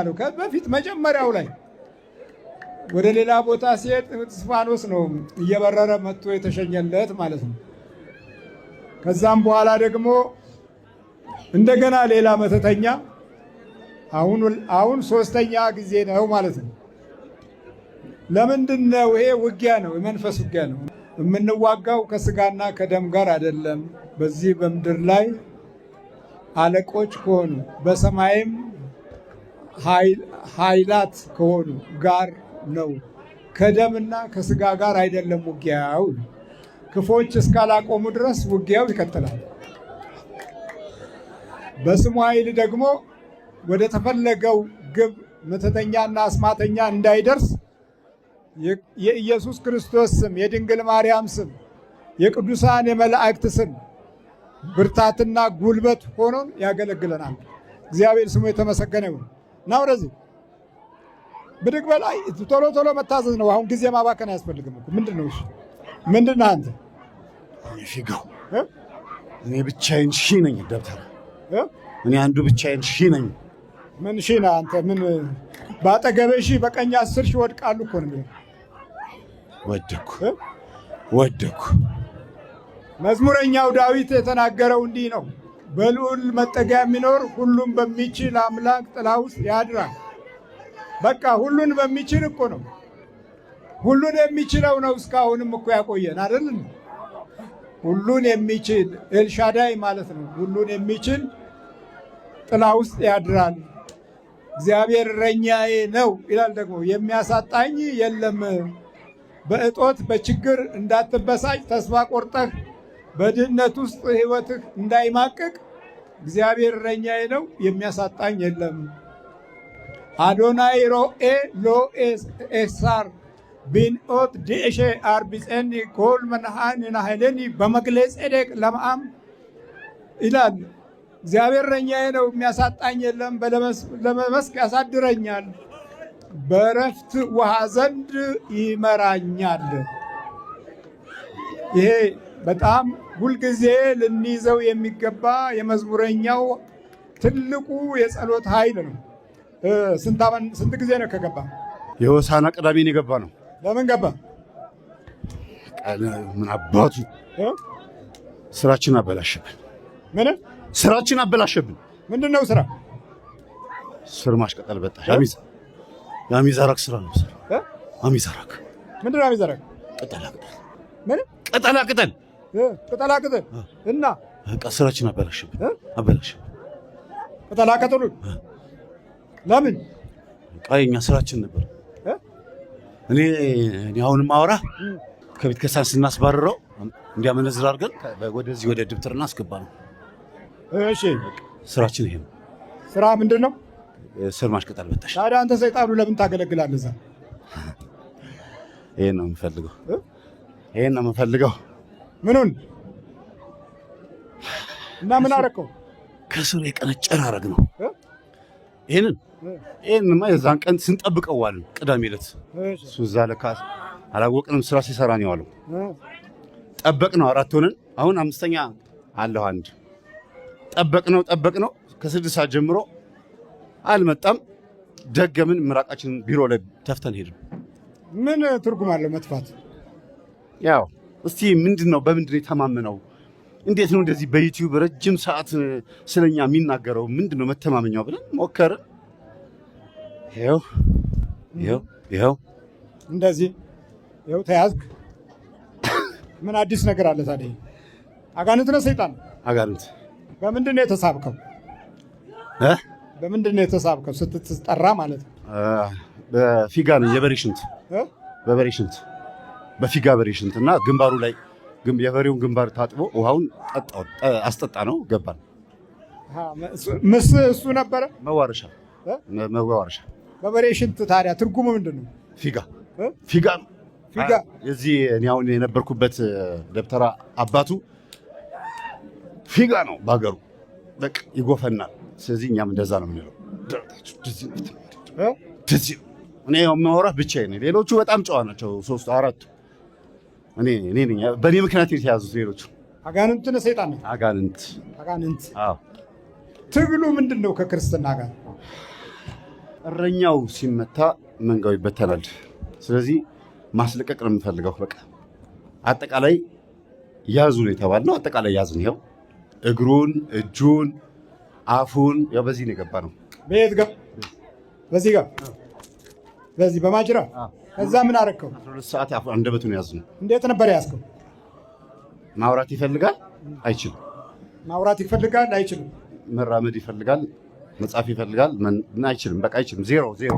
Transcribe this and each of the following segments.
ማለው ከበፊት መጀመሪያው ላይ ወደ ሌላ ቦታ ሲሄድ እስፋኖስ ነው እየበረረ መጥቶ የተሸኘለት ማለት ነው። ከዛም በኋላ ደግሞ እንደገና ሌላ መተተኛ አሁን አሁን ሶስተኛ ጊዜ ነው ማለት ነው። ለምንድን ነው ይሄ ውጊያ ነው፣ የመንፈስ ውጊያ ነው። የምንዋጋው ከስጋና ከደም ጋር አይደለም። በዚህ በምድር ላይ አለቆች ከሆኑ በሰማይም ኃይላት ከሆኑ ጋር ነው። ከደምና ከስጋ ጋር አይደለም ውጊያው። ክፎች እስካላቆሙ ድረስ ውጊያው ይቀጥላል። በስሙ ኃይል ደግሞ ወደ ተፈለገው ግብ መተተኛና አስማተኛ እንዳይደርስ የኢየሱስ ክርስቶስ ስም፣ የድንግል ማርያም ስም፣ የቅዱሳን የመላእክት ስም ብርታትና ጉልበት ሆኖን ያገለግለናል። እግዚአብሔር ስሙ የተመሰገነ ይሁን። ና ወደዚህ ብድግ በላይ ቶሎ ቶሎ መታዘዝ ነው። አሁን ጊዜ ማባከን አያስፈልግም። ምንድን ነው እሺ? ምንድን ነህ አንተ? ፊጋው እኔ ብቻዬን ሺ ነኝ። ደብተር እኔ አንዱ ብቻዬን ሺ ነኝ። ምን ሺ ነህ አንተ? ምን በአጠገበህ ሺ በቀኝ አስር ሺ ወድቃሉ እኮ ነው። ወደኩ ወደኩ። መዝሙረኛው ዳዊት የተናገረው እንዲህ ነው በልዑል መጠጊያ የሚኖር ሁሉን በሚችል አምላክ ጥላ ውስጥ ያድራል። በቃ ሁሉን በሚችል እኮ ነው፣ ሁሉን የሚችለው ነው። እስካሁንም እኮ ያቆየን አይደል? ሁሉን የሚችል ኤልሻዳይ ማለት ነው። ሁሉን የሚችል ጥላ ውስጥ ያድራል። እግዚአብሔር እረኛዬ ነው ይላል። ደግሞ የሚያሳጣኝ የለም። በእጦት በችግር እንዳትበሳጭ ተስፋ ቆርጠህ በድህነት ውስጥ ሕይወትህ እንዳይማቅቅ እግዚአብሔር እረኛዬ ነው፣ የሚያሳጣኝ የለም። አዶናይ ሮኤ ሎ ኤሳር ቢንኦት ዲእሼ አርቢፀኒ ኮል መንሃን ናሃይለኒ በመግሌ ጼዴቅ ለምአም ይላል። እግዚአብሔር እረኛዬ ነው፣ የሚያሳጣኝ የለም። ለመመስክ ያሳድረኛል፣ በረፍት ውሃ ዘንድ ይመራኛል። ይሄ በጣም ሁልጊዜ ልንይዘው የሚገባ የመዝሙረኛው ትልቁ የጸሎት ኃይል ነው። ስንት ጊዜ ነው ከገባ? የሆሳና ቅዳሜን የገባ ነው። ለምን ገባ? ምን አባቱ ስራችን አበላሸብን። ምን ስራችን አበላሸብን? ምንድን ነው ስራ? ስር ማሽቀጠል በጣ የአሚዛራክ ስራ ነው። አሚዛራክ ምንድን ነው? አሚዛራክ ቅጠላ ቅጠል ምን ቅጠላ ቅጠል ቅጠላ ቅጠል እና በቃ ስራችን አበላሽብን አበላሽብን። ቅጠላ ቅጠሉን ለምን በቃ ስራችን ነበር። እኔ እኔ አሁን ማውራ ከቤት ከሳን ስናስባርረው እንዲያመነዝር አድርገን ወደዚህ ወደ ድብትርና አስገባ ነው። እሺ ስራችን ይሄ ነው። ስራ ምንድን ነው? ስር ማሽቀጠል በታሽ። ታዲያ አንተ ሰይጣኑ ለምን ታገለግላለህ? እዛ ይሄን ነው የምፈልገው፣ ይሄን ነው የምፈልገው። ምኑን እና ምን አደረከው? ከስሩ የቀነጨር አረግ ነው። ይህንን ይህንማ የዛን ቀን ስንጠብቀው ዋልን። ቅዳሜ ዕለት እሱ እዛ ለካ አላወቅንም። ስራ ሲሰራ ነው የዋለው። ጠበቅ ነው አራት ሆነን አሁን አምስተኛ አለሁ አንድ ጠበቅ ነው ጠበቅ ነው ከስድስት ሰዓት ጀምሮ አልመጣም። ደገምን። ምራቃችን ቢሮ ላይ ተፍተን ሄድን። ምን ትርጉም አለው መጥፋት ያው እስቲ ምንድን ነው በምንድን ነው የተማመነው? እንዴት ነው እንደዚህ በዩቲዩብ ረጅም ሰዓት ስለኛ የሚናገረው ምንድን ነው መተማመኛው ብለን ሞከርን። ይኸው ይኸው ይኸው እንደዚህ ይኸው ተያዝክ። ምን አዲስ ነገር አለ ታዲያ? አጋንንት ነው ሰይጣን? አጋንንት። በምንድን ነው የተሳብከው? በምንድን ነው የተሳብከው ስትጠራ ማለት ነው? በፊጋ ነው። የበሬ ሽንት በበሬ ሽንት በፊጋ በሬ ሽንትና ግንባሩ ላይ የበሬውን ግንባር ታጥቦ ውሃውን አስጠጣ ነው ገባን። ምስ እሱ ነበረ መዋረሻ መዋረሻ በበሬ ሽንት። ታዲያ ትርጉሙ ምንድን ነው? ፊጋ ፊጋ ፊጋ የዚህ እኔ አሁን የነበርኩበት ደብተራ አባቱ ፊጋ ነው በሀገሩ በቃ ይጎፈናል። ስለዚህ እኛም እንደዛ ነው የምንለው። እኔ የማወራህ ብቻዬን፣ ሌሎቹ በጣም ጨዋ ናቸው ሶስቱ አራቱ እኔ ነኝ በእኔ ምክንያት የተያዙ ሌሎቹ አጋንንት ነው ሰይጣን ነው አጋንንት አጋንንት ትግሉ ምንድን ነው ከክርስትና ጋር እረኛው ሲመታ መንጋው ይበተናል ስለዚህ ማስለቀቅ ነው የምፈልገው በቃ አጠቃላይ ያዙ ነው የተባልነው አጠቃላይ ያዝ ነው ይኸው እግሩን እጁን አፉን ያው በዚህ ነው የገባ ነው በየት ጋር በዚህ ጋር በዚህ በማጅራ እዛ ምን አረከው? ሁለት ሰዓት አንደበቱን ያዝ ነው። እንዴት ነበር ያዝከው? ማውራት ይፈልጋል አይችልም። ማውራት ይፈልጋል አይችልም። መራመድ ይፈልጋል መጻፍ ይፈልጋል አይችልም። በቃ አይችልም። ዜሮ ዜሮ።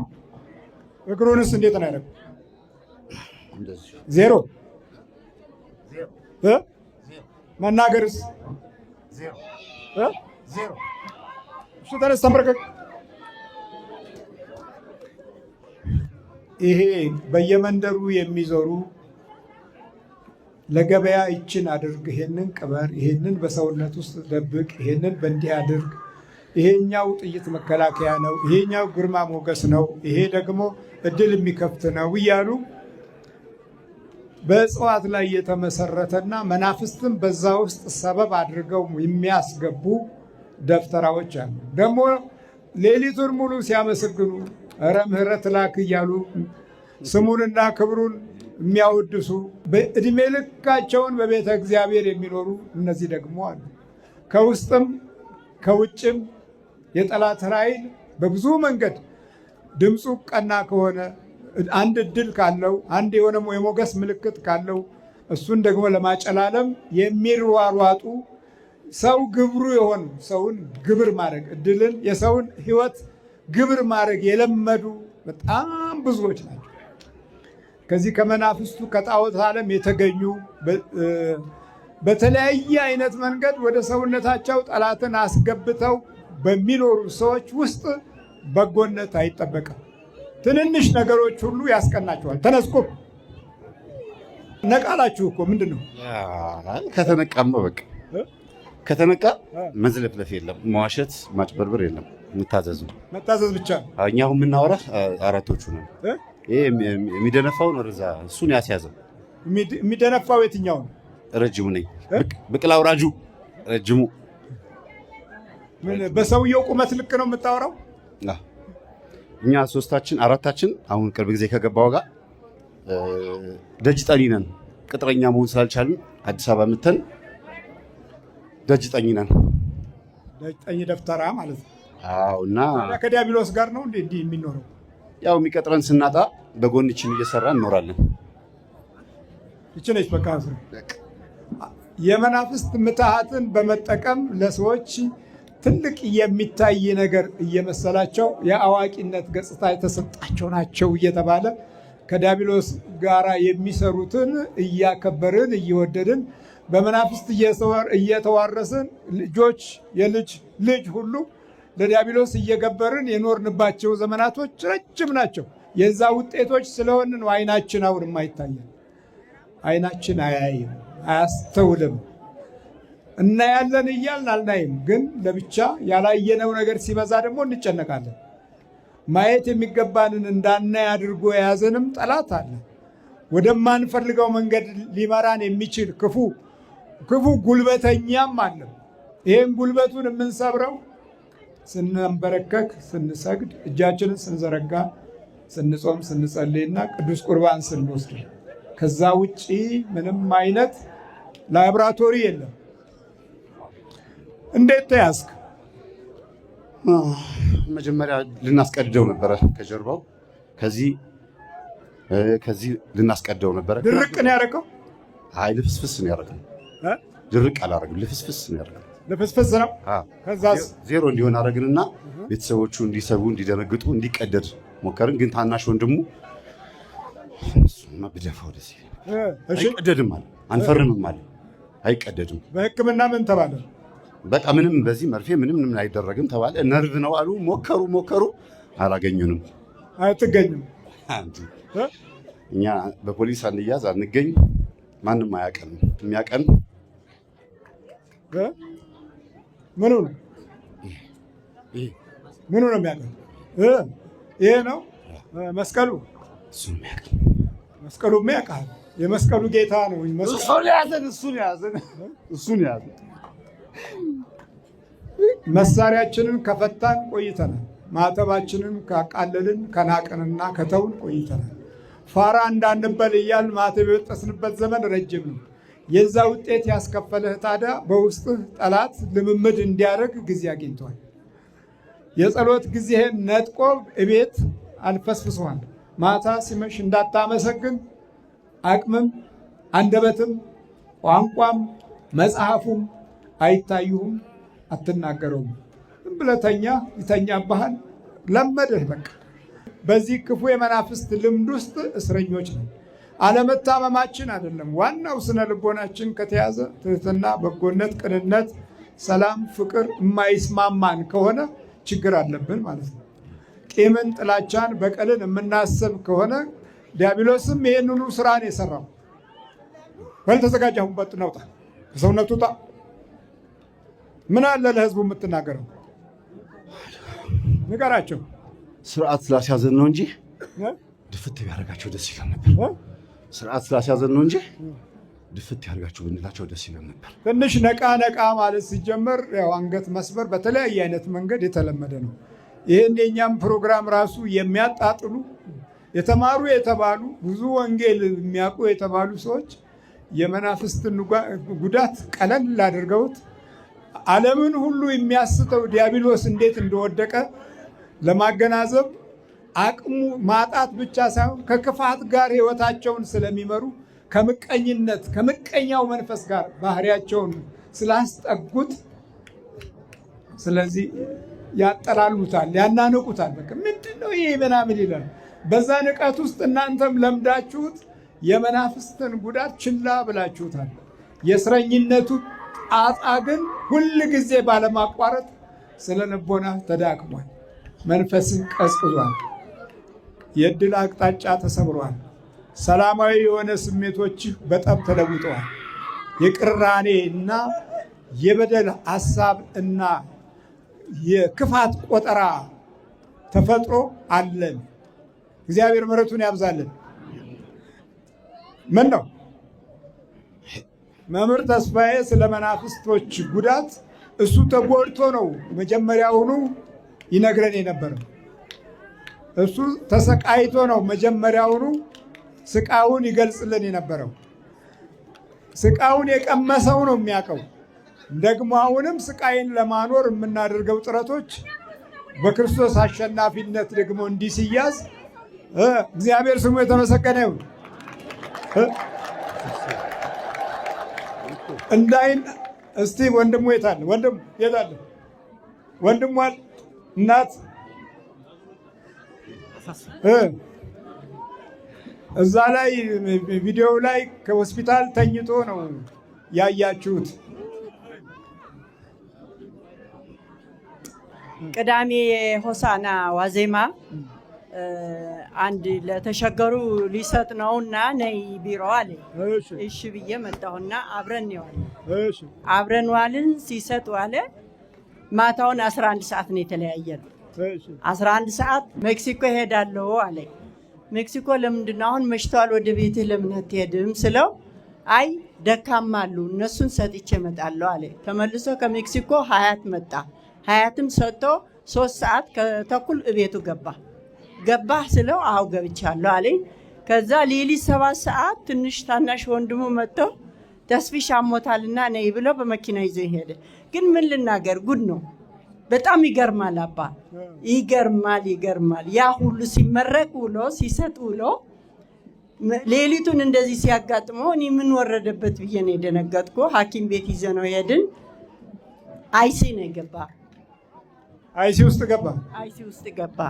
እግሩንስ እንዴት ነው ያደረገው? ዜሮ። መናገርስ ዜሮ ዜሮ። እሱ ተነስ ተንበርከክ ይሄ በየመንደሩ የሚዞሩ ለገበያ ይችን አድርግ፣ ይሄንን ቅበር፣ ይሄንን በሰውነት ውስጥ ደብቅ፣ ይሄንን በእንዲህ አድርግ፣ ይሄኛው ጥይት መከላከያ ነው፣ ይሄኛው ግርማ ሞገስ ነው፣ ይሄ ደግሞ እድል የሚከፍት ነው እያሉ በእጽዋት ላይ የተመሰረተና መናፍስትም በዛ ውስጥ ሰበብ አድርገው የሚያስገቡ ደፍተራዎች አሉ። ደግሞ ሌሊቱን ሙሉ ሲያመሰግኑ እረ ምህረት ላክ እያሉ ስሙንና ክብሩን የሚያወድሱ በእድሜ ልካቸውን በቤተ እግዚአብሔር የሚኖሩ እነዚህ ደግሞ አሉ። ከውስጥም ከውጭም የጠላት ኃይል በብዙ መንገድ ድምፁ ቀና ከሆነ አንድ እድል ካለው አንድ የሆነ የሞገስ ምልክት ካለው እሱን ደግሞ ለማጨላለም የሚሯሯጡ ሰው ግብሩ የሆኑ ሰውን ግብር ማድረግ እድልን የሰውን ህይወት ግብር ማድረግ የለመዱ በጣም ብዙዎች ናቸው። ከዚህ ከመናፍስቱ ከጣዖት ዓለም የተገኙ በተለያየ አይነት መንገድ ወደ ሰውነታቸው ጠላትን አስገብተው በሚኖሩ ሰዎች ውስጥ በጎነት አይጠበቅም። ትንንሽ ነገሮች ሁሉ ያስቀናቸዋል። ተነስኩ ነቃላችሁ እኮ ምንድን ነው ከተነቃማ በቃ ከተነቃ መዝለፍለፍ የለም፣ መዋሸት ማጭበርበር የለም። የምታዘዙ መታዘዝ ብቻ። እኛ አሁን የምናወራ አራቶቹ ነው። የሚደነፋውን ርዛ እሱን ያስያዘው የሚደነፋው የትኛው ነው? ረጅሙ ነኝ። ብቅል አውራጁ ረጅሙ። በሰውየው ቁመት ልክ ነው የምታወራው። እኛ ሶስታችን አራታችን አሁን ቅርብ ጊዜ ከገባው ጋር ደጅ ጠኒ ነን። ቅጥረኛ መሆን ስላልቻልን አዲስ አበባ ምተን ደጅ ጠኝ ነን። ደጅ ጠኝ ደብተራ ማለት ነው። እና ከዲያብሎስ ጋር ነው እንዴ እንዲህ የሚኖረው? ያው የሚቀጥረን ስናጣ በጎንችን እየሰራ እንኖራለን። ይችለች በቃ የመናፍስት ምትሃትን በመጠቀም ለሰዎች ትልቅ የሚታይ ነገር እየመሰላቸው የአዋቂነት ገጽታ የተሰጣቸው ናቸው እየተባለ ከዲያብሎስ ጋራ የሚሰሩትን እያከበርን እየወደድን በመናፍስት እየተዋረስን ልጆች የልጅ ልጅ ሁሉ ለዲያብሎስ እየገበርን የኖርንባቸው ዘመናቶች ረጅም ናቸው። የዛ ውጤቶች ስለሆን ነው አይናችን አሁን የማይታየን። አይናችን አያይም፣ አያስተውልም። እናያለን እያልን አልናይም። ግን ለብቻ ያላየነው ነገር ሲበዛ ደግሞ እንጨነቃለን። ማየት የሚገባንን እንዳናይ አድርጎ የያዘንም ጠላት አለ። ወደማንፈልገው መንገድ ሊመራን የሚችል ክፉ ክፉ ጉልበተኛም አለም። ይህን ጉልበቱን የምንሰብረው ስንንበረከክ፣ ስንሰግድ፣ እጃችንን ስንዘረጋ፣ ስንጾም፣ ስንጸልይና ቅዱስ ቁርባን ስንወስድ። ከዛ ውጪ ምንም አይነት ላብራቶሪ የለም። እንዴት ተያዝክ? መጀመሪያ ልናስቀድደው ነበረ ከጀርባው ከዚህ ከዚህ ልናስቀደው ነበረ። ድርቅ ነው ያደረገው። አይ ልፍስፍስ ነው ያደረገው። ድርቅ አላረግም ልፍስፍስ ነው ያደርጋል። ልፍስፍስ ነው። ከዛስ ዜሮ እንዲሆን አደረግንና ቤተሰቦቹ እንዲሰቡ፣ እንዲደነግጡ፣ እንዲቀደድ ሞከርን። ግን ታናሽ ወንድሙ ብደፋው ደስ አይቀደድም አለ፣ አንፈርምም አለ፣ አይቀደድም። በህክምና ምን ተባለ? በቃ ምንም በዚህ መርፌ ምንም ምንም አይደረግም ተባለ። ነርቭ ነው አሉ። ሞከሩ ሞከሩ፣ አላገኙንም። አትገኝም። እኛ በፖሊስ አንያዝ፣ አንገኝ፣ ማንም አያቀን። የሚያቀን ምኑ ነው ምኑ ነው የሚያውቀው? ይሄ ነው መስቀሉ። መስቀሉማ ያውቃል። የመስቀሉ ጌታ ነው። እሱን ያዘን፣ መሳሪያችንን ከፈታን ቆይተናል። ማተባችንን ካቃለልን ከናቅንና ከተውን ቆይተናል። ፋራ እንዳንበል እያል ማተብ የበጠስንበት ዘመን ረጅም ነው። የዛ ውጤት ያስከፈለህ ታዲያ በውስጥህ ጠላት ልምምድ እንዲያደርግ ጊዜ አግኝቷል። የጸሎት ጊዜህን ነጥቆ እቤት አልፈስፍሷል። ማታ ሲመሽ እንዳታመሰግን አቅምም አንደበትም ቋንቋም መጽሐፉም አይታዩሁም፣ አትናገረውም። ዝም ይተኛ ባህል ይተኛብሃል። ለመደህ በቃ። በዚህ ክፉ የመናፍስት ልምድ ውስጥ እስረኞች ነው። አለመታመማችን አይደለም። ዋናው ስነ ልቦናችን ከተያዘ ትህትና፣ በጎነት፣ ቅንነት፣ ሰላም፣ ፍቅር የማይስማማን ከሆነ ችግር አለብን ማለት ነው። ቂምን፣ ጥላቻን፣ በቀልን የምናስብ ከሆነ ዲያብሎስም ይህንኑ ስራን የሰራው። በል ተዘጋጅ፣ አሁን በጥን አውጣ፣ ከሰውነቱ ውጣ። ምን አለ ለህዝቡ የምትናገረው ንገራቸው። ስርዓት ስላስያዘን ነው እንጂ ድፍት ቢያደርጋቸው ደስ ይላል ነበር። ስርዓት ስላስያዘን ነው እንጂ ድፍት ያደርጋችሁ ብንላቸው ደስ ይለን ነበር። ትንሽ ነቃ ነቃ ማለት ሲጀመር ያው አንገት መስበር በተለያየ አይነት መንገድ የተለመደ ነው። ይህን የእኛም ፕሮግራም ራሱ የሚያጣጥሉ የተማሩ የተባሉ ብዙ ወንጌል የሚያውቁ የተባሉ ሰዎች የመናፍስትን ጉዳት ቀለል አድርገውት ዓለምን ሁሉ የሚያስተው ዲያብሎስ እንዴት እንደወደቀ ለማገናዘብ አቅሙ ማጣት ብቻ ሳይሆን ከክፋት ጋር ህይወታቸውን ስለሚመሩ ከምቀኝነት ከምቀኛው መንፈስ ጋር ባህሪያቸውን ስላስጠጉት፣ ስለዚህ ያጠላሉታል፣ ያናንቁታል። በቃ ምንድን ነው ይሄ ምናምን ይላል። በዛ ንቀት ውስጥ እናንተም ለምዳችሁት የመናፍስትን ጉዳት ችላ ብላችሁታል። የእስረኝነቱ ጣጣ ግን ሁል ጊዜ ባለማቋረጥ ስለ ልቦና ተዳክሟል፣ መንፈስን ቀዝቅዟል። የእድል አቅጣጫ ተሰብሯል። ሰላማዊ የሆነ ስሜቶችህ በጠብ ተለውጠዋል። የቅራኔ እና የበደል ሀሳብ እና የክፋት ቆጠራ ተፈጥሮ አለን። እግዚአብሔር ምሕረቱን ያብዛልን። ምን ነው መምህር ተስፋዬ ስለ መናፍስቶች ጉዳት እሱ ተጎድቶ ነው መጀመሪያውኑ ይነግረን የነበረው። እሱ ተሰቃይቶ ነው መጀመሪያውኑ ስቃውን ይገልጽልን የነበረው። ስቃውን የቀመሰው ነው የሚያውቀው። ደግሞ አሁንም ስቃይን ለማኖር የምናደርገው ጥረቶች በክርስቶስ አሸናፊነት ደግሞ እንዲህ ሲያዝ እግዚአብሔር ስሙ የተመሰገነ ይሁን። እንዳይን እስቲ ወንድሙ የታለ? ወንድሙ የታለ? ወንድሟል እናት እዛ ላይ ቪዲዮው ላይ ከሆስፒታል ተኝቶ ነው ያያችሁት። ቅዳሜ ሆሳና ዋዜማ አንድ ለተሸገሩ ሊሰጥ ነውና ነይ ቢሮ አለ። እሺ ብዬ መጣሁና አብረን ዋል አብረን ዋልን። ሲሰጥ ዋለ። ማታውን 11 ሰዓት ነው የተለያየ አስራ ሰዓት ሜክሲኮ እሄዳለሁ አለኝ። ሜክሲኮ ለምንድን ነው አሁን መሽተዋል፣ ወደ ቤትህ ለምን አትሄድም ስለው አይ ደካማ አሉ እነሱን ሰጥቼ እመጣለሁ አለ። ተመልሶ ከሜክሲኮ ሀያት መጣ። ሀያትም ሰጥቶ ሶስት ሰዓት ከተኩል እቤቱ ገባ። ገባህ ስለው አዎ ገብቻለሁ አለኝ። ከዛ ሌሊት ሰባት ሰዓት ትንሽ ታናሽ ወንድሙ መጥቶ ተስፊሽ አሞታልና ነይ ብለው በመኪና ይዞ ሄደ። ግን ምን ልናገር ጉድ ነው። በጣም ይገርማል አባ፣ ይገርማል፣ ይገርማል። ያ ሁሉ ሲመረቅ ውሎ ሲሰጥ ውሎ ሌሊቱን እንደዚህ ሲያጋጥመው እኔ ምን ወረደበት ብዬ ነው የደነገጥኩ። ሀኪም ቤት ይዘ ነው ሄድን። አይሲ ነው የገባ። አይሲ ውስጥ ገባ። አይሲ ውስጥ ገባ።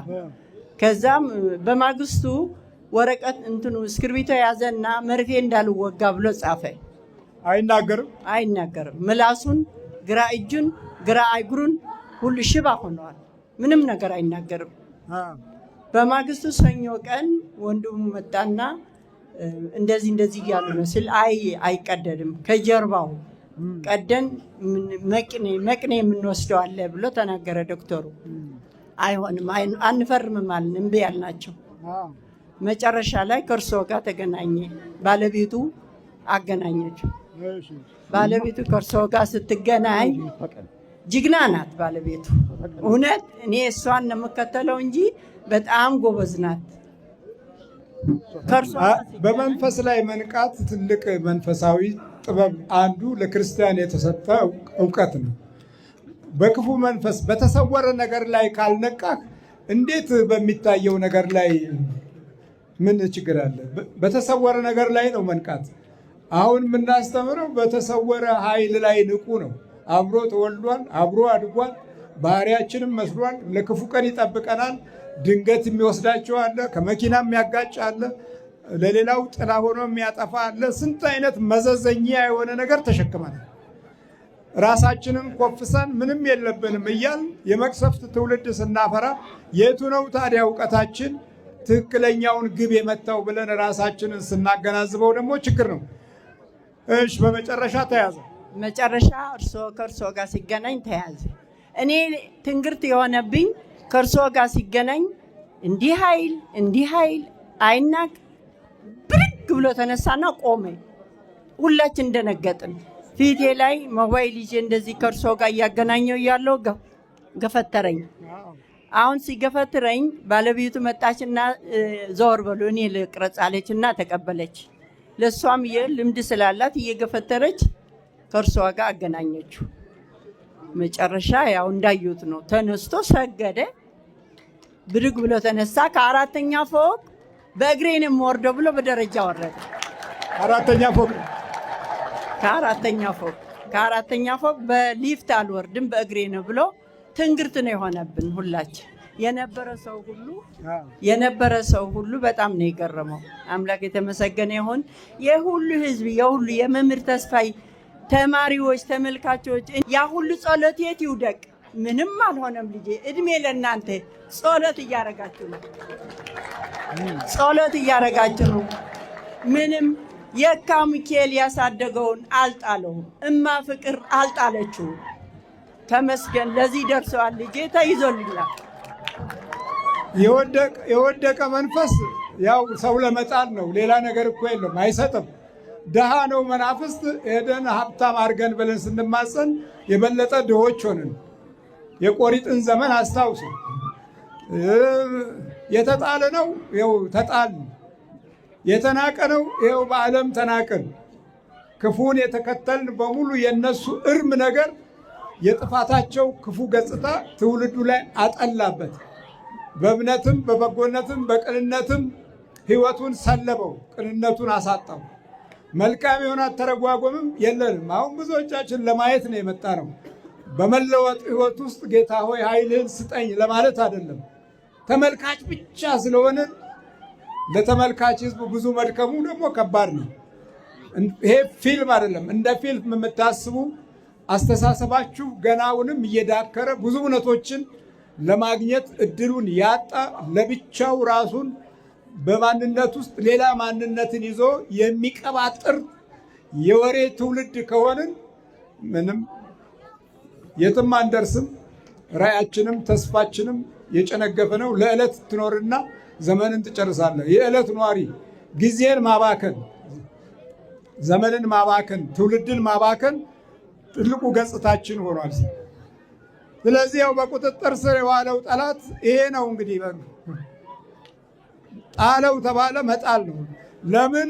ከዛም በማግስቱ ወረቀት እንትኑ እስክርቢቶ ያዘና መርፌ እንዳልወጋ ብሎ ጻፈ። አይናገርም አይናገርም። ምላሱን፣ ግራ እጁን፣ ግራ አይጉሩን ሁሉ ሽባ ሆነዋል። ምንም ነገር አይናገርም። በማግስቱ ሰኞ ቀን ወንድሙ መጣና እንደዚህ እንደዚህ እያሉ ነው ስል አይ አይቀደድም፣ ከጀርባው ቀደን መቅኔ የምንወስደው አለ ብሎ ተናገረ ዶክተሩ። አይሆንም፣ አንፈርምም አለን እምቢ ያልናቸው መጨረሻ ላይ ከእርሶ ጋር ተገናኘ ባለቤቱ አገናኘች። ባለቤቱ ከእርሶ ጋር ስትገናኝ ጅግና ናት ባለቤቱ። እውነት እኔ እሷን ነው የምከተለው እንጂ በጣም ጎበዝ ናት። በመንፈስ ላይ መንቃት ትልቅ መንፈሳዊ ጥበብ አንዱ ለክርስቲያን የተሰጠ እውቀት ነው። በክፉ መንፈስ በተሰወረ ነገር ላይ ካልነቃህ እንዴት በሚታየው ነገር ላይ ምን ችግር አለ? በተሰወረ ነገር ላይ ነው መንቃት። አሁን የምናስተምረው በተሰወረ ኃይል ላይ ንቁ ነው። አብሮ ተወልዷል፣ አብሮ አድጓል። ባህሪያችንም መስሏል። ለክፉ ቀን ይጠብቀናል። ድንገት የሚወስዳቸው አለ፣ ከመኪና የሚያጋጭ አለ፣ ለሌላው ጥላ ሆኖ የሚያጠፋ አለ። ስንት አይነት መዘዘኛ የሆነ ነገር ተሸክመናል። ራሳችንን ኮፍሰን ምንም የለብንም እያል የመቅሰፍት ትውልድ ስናፈራ የቱ ነው ታዲያ እውቀታችን ትክክለኛውን ግብ የመታው ብለን ራሳችንን ስናገናዝበው ደግሞ ችግር ነው። እሽ በመጨረሻ ተያዘ። መጨረሻ እርሶ ከእርሶ ጋር ሲገናኝ ተያዘ። እኔ ትንግርት የሆነብኝ ከእርሶ ጋር ሲገናኝ እንዲህ ኃይል እንዲህ ኃይል አይናቅ ብርግ ብሎ ተነሳና ቆመ። ሁላችን እንደነገጥን ፊቴ ላይ ሞባይል ይዤ እንደዚህ ከእርሶ ጋር እያገናኘው እያለው ገፈተረኝ። አሁን ሲገፈትረኝ ባለቤቱ መጣችና ዘወር በሉ እኔ ልቅረጽ አለችና ተቀበለች። ለእሷም ልምድ ስላላት እየገፈተረች ከእርሷ ጋር አገናኘችው። መጨረሻ ያው እንዳዩት ነው። ተነስቶ ሰገደ። ብድግ ብሎ ተነሳ። ከአራተኛ ፎቅ በእግሬንም ወርደው ብሎ በደረጃ ወረደ። አራተኛ ፎቅ ከአራተኛ ፎቅ ከአራተኛ ፎቅ በሊፍት አልወርድም በእግሬ ነው ብሎ ትንግርት ነው የሆነብን ሁላችን። የነበረ ሰው ሁሉ የነበረ ሰው ሁሉ በጣም ነው የገረመው። አምላክ የተመሰገነ ይሁን። የሁሉ ህዝብ የሁሉ የመምህር ተስፋዬ ተማሪዎች፣ ተመልካቾች ያ ሁሉ ጸሎት የት ይውደቅ? ምንም አልሆነም ልጄ። እድሜ ለእናንተ ጸሎት እያረጋችሁ ነው፣ ጸሎት እያረጋችሁ ነው። ምንም የካ ሚካኤል ያሳደገውን አልጣለውም። እማ ፍቅር አልጣለችው። ተመስገን ለዚህ ደርሰዋል ልጄ፣ ተይዞልኛል። የወደቀ መንፈስ ያው ሰው ለመጣል ነው፣ ሌላ ነገር እኮ የለም፣ አይሰጥም ድሃ ነው መናፍስት ሄደን ሀብታም አድርገን ብለን ስንማፀን የበለጠ ድሆች ሆንን። የቆሪጥን ዘመን አስታውሱ። የተጣለ ነው ይኸው ተጣል፣ የተናቀ ነው ይኸው በዓለም ተናቅን። ክፉን የተከተልን በሙሉ የእነሱ እርም ነገር የጥፋታቸው ክፉ ገጽታ ትውልዱ ላይ አጠላበት። በእምነትም በበጎነትም በቅንነትም ህይወቱን ሰለበው፣ ቅንነቱን አሳጣው። መልካም የሆነ አተረጓጎምም የለንም። አሁን ብዙዎቻችን ለማየት ነው የመጣ ነው። በመለወጥ ህይወት ውስጥ ጌታ ሆይ ኃይልህን ስጠኝ ለማለት አይደለም። ተመልካች ብቻ ስለሆነ ለተመልካች ህዝብ ብዙ መድከሙ ደግሞ ከባድ ነው። ይሄ ፊልም አይደለም። እንደ ፊልም የምታስቡ አስተሳሰባችሁ ገናውንም እየዳከረ ብዙ እውነቶችን ለማግኘት እድሉን ያጣ ለብቻው ራሱን በማንነት ውስጥ ሌላ ማንነትን ይዞ የሚቀባጥር የወሬ ትውልድ ከሆንን ምንም የትም አንደርስም። ራዕያችንም ተስፋችንም የጨነገፈ ነው። ለዕለት ትኖርና ዘመንን ትጨርሳለህ። የዕለት ኗሪ ጊዜን ማባከን፣ ዘመንን ማባከን፣ ትውልድን ማባከን ትልቁ ገጽታችን ሆኗል። ስለዚህ ያው በቁጥጥር ስር የዋለው ጠላት ይሄ ነው እንግዲህ ጣለው ተባለ መጣል ነው። ለምን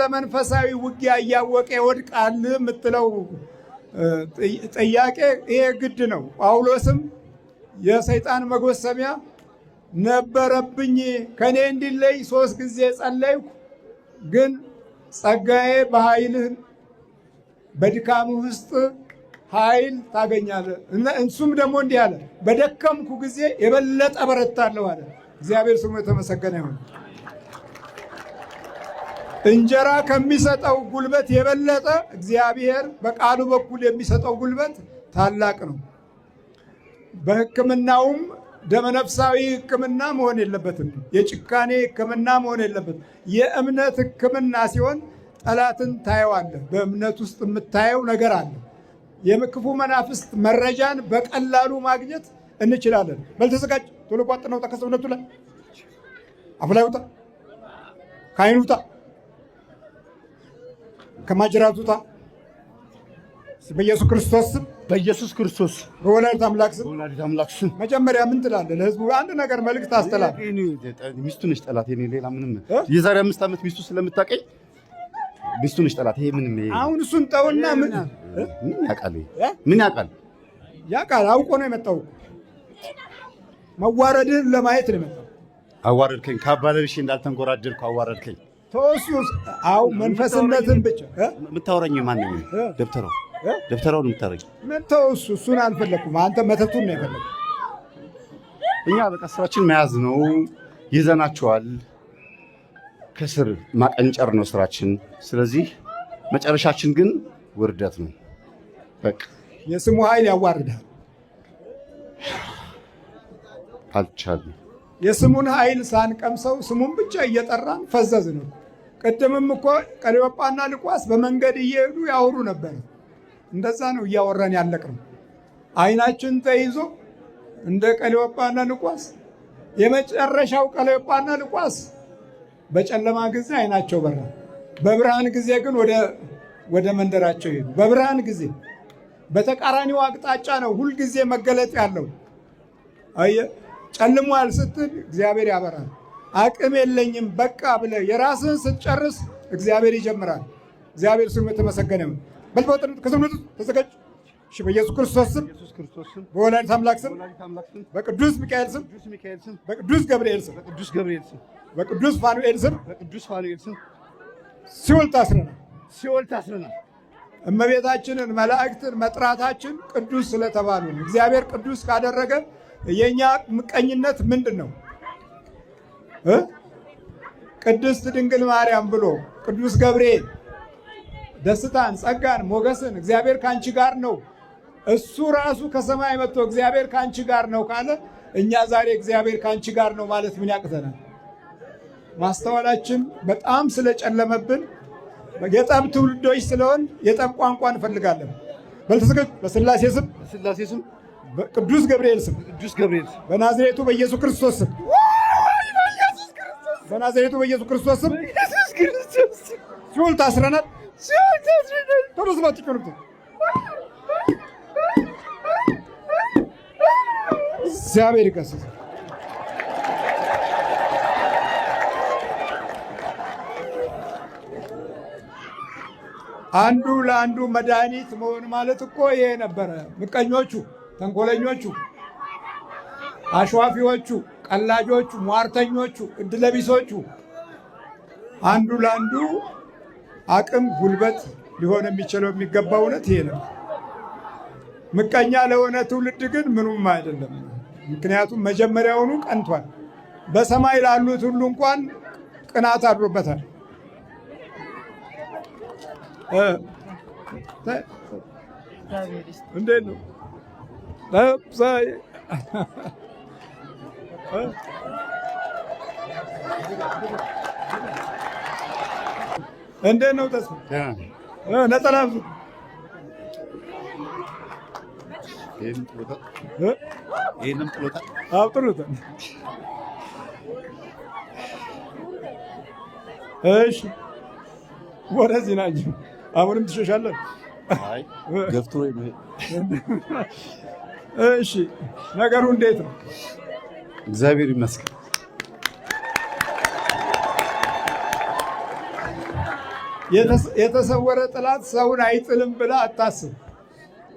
ለመንፈሳዊ ውጊያ እያወቀ ይወድቃል የምትለው ጥያቄ ይሄ ግድ ነው። ጳውሎስም የሰይጣን መጎሰሚያ ነበረብኝ፣ ከእኔ እንዲለይ ሶስት ጊዜ ጸለይኩ፣ ግን ጸጋዬ በኃይልህ በድካም ውስጥ ኃይል ታገኛለህ። እሱም ደግሞ እንዲህ አለ፣ በደከምኩ ጊዜ የበለጠ በረታለሁ አለ። እግዚአብሔር ስሙ የተመሰገነ ይሁን። እንጀራ ከሚሰጠው ጉልበት የበለጠ እግዚአብሔር በቃሉ በኩል የሚሰጠው ጉልበት ታላቅ ነው። በሕክምናውም ደመነፍሳዊ ሕክምና መሆን የለበትም። የጭካኔ ሕክምና መሆን የለበትም። የእምነት ሕክምና ሲሆን ጠላትን ታየዋለህ። በእምነት ውስጥ የምታየው ነገር አለ። የምክፉ መናፍስት መረጃን በቀላሉ ማግኘት እንችላለን። በልተዘጋጅ ቶሎ ቋጥና ውጣ ከሰውነቱ ላይ አፉ ላይ ውጣ፣ ከአይኑ ውጣ፣ ከማጅራቱ ውጣ። በኢየሱስ ክርስቶስ ስም በኢየሱስ ክርስቶስ በወላዲተ አምላክ ስም በወላዲተ አምላክ ስም። መጀመሪያ ምን ትላለህ? ለህዝቡ አንድ ነገር መልእክት አስተላል። ሚስቱ ነች ጠላት፣ እኔ ሌላ ምንም። የዛሬ አምስት ዓመት ሚስቱ ስለምታውቀኝ ሚስቱ ነች ጠላት። ይሄ ምንም ይሄ አሁን እሱን ተውና፣ ምን ምን ያውቃል? ምን ያውቃል? ያውቃል፣ አውቆ ነው የመጣው መዋረድህን ለማየት ነው የመጣው። አዋረድከኝ። ካባ ለብሼ አዋረድከኝ። ተወሱስ አው መንፈስነትን ብቻ የምታወራኝ ማንኝ ደብተሮ ደብተራውን የምታወራኝ ምን እሱን አልፈለግኩም። አንተ መተቱን ነው የፈለግ። እኛ በቃ ስራችን መያዝ ነው። ይዘናቸዋል። ከስር ማቀንጨር ነው ስራችን። ስለዚህ መጨረሻችን ግን ውርደት ነው። በቃ የስሙ ኃይል ያዋርዳል። አልቻልንም። የስሙን ኃይል ሳንቀምሰው ስሙን ብቻ እየጠራን ፈዘዝ ነው። ቅድምም እኮ ቀለዮጳና ልቋስ በመንገድ እየሄዱ ያወሩ ነበር። እንደዛ ነው እያወራን ያለቅነው። አይናችን ተይዞ እንደ ቀለዮጳና ልቋስ የመጨረሻው ቀለዮጳና ልቋስ በጨለማ ጊዜ አይናቸው በራ፣ በብርሃን ጊዜ ግን ወደ መንደራቸው ሄዱ። በብርሃን ጊዜ በተቃራኒው አቅጣጫ ነው ሁልጊዜ መገለጥ ያለው። አየ ጨልሟል ስትል እግዚአብሔር ያበራል። አቅም የለኝም በቃ ብለ የራስህን ስትጨርስ እግዚአብሔር ይጀምራል። እግዚአብሔር ስሙ የተመሰገነ ነው። በልበወጥነት ከሰውነቱ ተዘጋጅ። በኢየሱስ ክርስቶስ ስም፣ በወላዲተ አምላክ ስም፣ በቅዱስ ሚካኤል ስም፣ በቅዱስ ገብርኤል ስም፣ በቅዱስ ፋኑኤል ስም፣ ሲኦል ታስረናል፣ ሲኦል ታስረናል። እመቤታችንን መላእክትን መጥራታችን ቅዱስ ስለተባሉ እግዚአብሔር ቅዱስ ካደረገ የእኛ ምቀኝነት ምንድን ነው? ቅድስት ድንግል ማርያም ብሎ ቅዱስ ገብርኤል ደስታን፣ ጸጋን፣ ሞገስን እግዚአብሔር ከአንቺ ጋር ነው። እሱ ራሱ ከሰማይ መጥቶ እግዚአብሔር ከአንቺ ጋር ነው ካለ እኛ ዛሬ እግዚአብሔር ከአንቺ ጋር ነው ማለት ምን ያቅተናል? ማስተዋላችን በጣም ስለጨለመብን የጠብ ትውልዶች ስለሆን የጠብ ቋንቋ እንፈልጋለን። በልተስገድ በስላሴ ስም ቅዱስ ገብርኤል ስም ቅዱስ ገብርኤል በናዝሬቱ በኢየሱስ ክርስቶስ ስም በናዝሬቱ በኢየሱስ ክርስቶስ ስም ኢየሱስ ክርስቶስ ሲውል ታስረናል። ታስረናል። ቶሎ ስማችሁ ጭሆንብት እግዚአብሔር ይቀስስ። አንዱ ለአንዱ መድኃኒት መሆን ማለት እኮ ይሄ ነበረ ምቀኞቹ ተንኮለኞቹ፣ አሸዋፊዎቹ፣ ቀላጆቹ፣ ሟርተኞቹ፣ እድለቢሶቹ አንዱ ለአንዱ አቅም ጉልበት ሊሆን የሚችለው የሚገባ እውነት ይሄ ነው። ምቀኛ ለሆነ ትውልድ ግን ምኑም አይደለም። ምክንያቱም መጀመሪያውኑ ቀንቷል። በሰማይ ላሉት ሁሉ እንኳን ቅናት አድሮበታል። እንዴት ነው? እንዴት ነው ተስፋ ነጠላ እሺ ወደዚህ ናችሁ። አሁንም ትሸሻለን ገፍቶ እሺ፣ ነገሩ እንዴት ነው? እግዚአብሔር ይመስገን። የተሰወረ ጥላት ሰውን አይጥልም ብለህ አታስብ።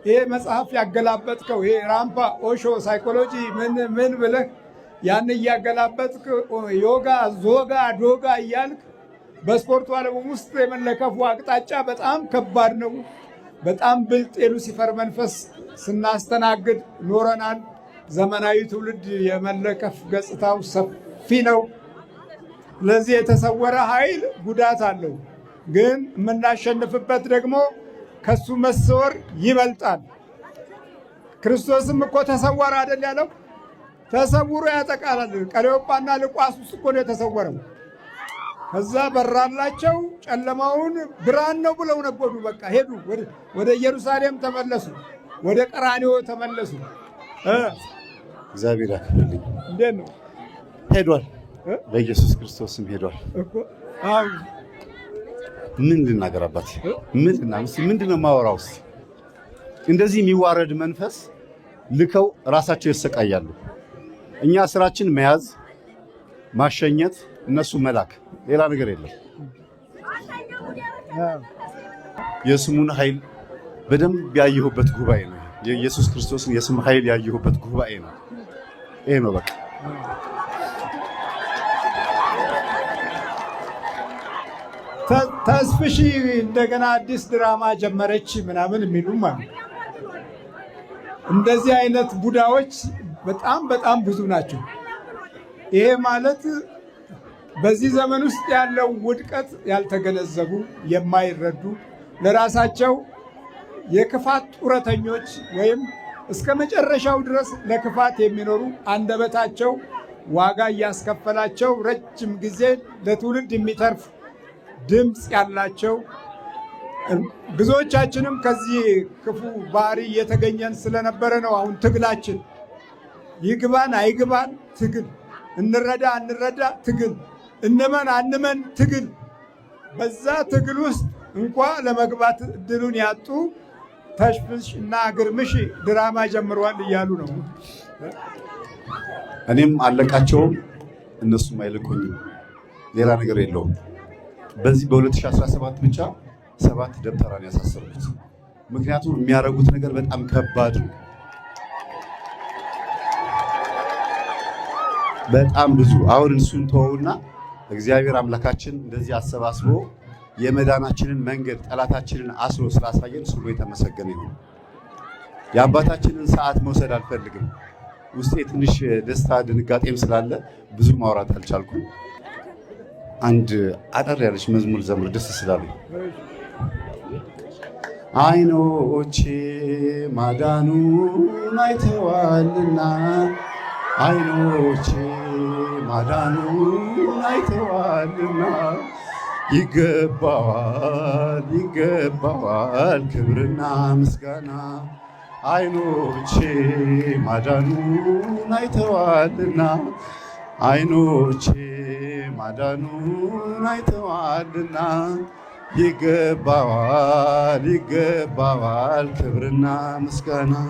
ይሄ መጽሐፍ ያገላበጥከው ይሄ ራምፓ ኦሾ ሳይኮሎጂ ምን ምን ብለህ ያን እያገላበጥክ ዮጋ ዞጋ ዶጋ እያልክ በስፖርቱ ዓለሙም ውስጥ የመለከፉ አቅጣጫ በጣም ከባድ ነው። በጣም ብልጥ የሉሲፈር መንፈስ ስናስተናግድ ኖረናል። ዘመናዊ ትውልድ የመለከፍ ገጽታው ሰፊ ነው። ስለዚህ የተሰወረ ኃይል ጉዳት አለው፣ ግን የምናሸንፍበት ደግሞ ከሱ መሰወር ይበልጣል። ክርስቶስም እኮ ተሰወረ አይደል ያለው? ተሰውሮ ያጠቃላል። ቀለዮጳና ልቋስ ውስጥ እኮ ነው የተሰወረው። ከዛ በራላቸው ጨለማውን ብርሃን ነው ብለው ነጎዱ። በቃ ሄዱ፣ ወደ ኢየሩሳሌም ተመለሱ፣ ወደ ቀራንዮ ተመለሱ። እግዚአብሔር ያክብርልኝ። እንዴት ነው ሄዷል? በኢየሱስ ክርስቶስም ሄዷል። ምን ልናገራባት? ምን ልናገር? ምንድን ነው የማወራው? እንደዚህ የሚዋረድ መንፈስ ልከው ራሳቸው ይሰቃያሉ። እኛ ስራችን መያዝ ማሸኘት እነሱ መላክ ሌላ ነገር የለም። የስሙን ኃይል በደንብ ያየሁበት ጉባኤ ነው። የኢየሱስ ክርስቶስን የስም ኃይል ያየሁበት ጉባኤ ነው። ይሄ ነው በቃ። ተስፍሺ እንደገና አዲስ ድራማ ጀመረች ምናምን የሚሉም አሉ። እንደዚህ አይነት ቡዳዎች በጣም በጣም ብዙ ናቸው። ይሄ ማለት በዚህ ዘመን ውስጥ ያለው ውድቀት ያልተገነዘቡ የማይረዱ ለራሳቸው የክፋት ጡረተኞች ወይም እስከ መጨረሻው ድረስ ለክፋት የሚኖሩ አንደበታቸው ዋጋ እያስከፈላቸው ረጅም ጊዜ ለትውልድ የሚተርፍ ድምፅ ያላቸው ብዙዎቻችንም ከዚህ ክፉ ባህሪ እየተገኘን ስለነበረ ነው። አሁን ትግላችን ይግባን አይግባን ትግል፣ እንረዳ እንረዳ ትግል እነመን አንመን ትግል በዛ ትግል ውስጥ እንኳ ለመግባት እድሉን ያጡ ተሽፍሽ እና ግርምሽ ድራማ ጀምሯል እያሉ ነው። እኔም አለቃቸውም እነሱም አይልኩኝም። ሌላ ነገር የለውም። በዚህ በ2017 ብቻ ሰባት ደብተራን ያሳሰሩት። ምክንያቱም የሚያደርጉት ነገር በጣም ከባድ ነው። በጣም ብዙ አሁን እሱን ተወውና እግዚአብሔር አምላካችን እንደዚህ አሰባስቦ የመዳናችንን መንገድ ጠላታችንን አስሮ ስላሳየን ስሙ የተመሰገነ ይሁን። የአባታችንን ሰዓት መውሰድ አልፈልግም። ውስጤ ትንሽ ደስታ ድንጋጤም ስላለ ብዙ ማውራት አልቻልኩም። አንድ አጠር ያለች መዝሙር ዘምር ደስ ስላሉ አይኖቼ ማዳኑን አይተዋልና አይኖቼ ማዳኑን አይተዋልና ይገባዋል ይገባዋል ክብርና ምስጋና አይኖቼ ማዳኑን አይተዋልና አይኖቼ ማዳኑን አይተዋልና ይገባዋል ይገባዋል ክብርና ምስጋና